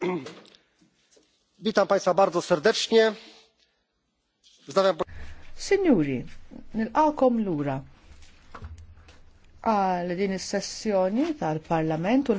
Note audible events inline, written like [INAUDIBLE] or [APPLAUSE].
[CLEARS THROAT] Witam Państwa bardzo serdecznie. Wznawiam... Signori, nil-għakom l-ura għal din is-sessjoni tal-Parlament u l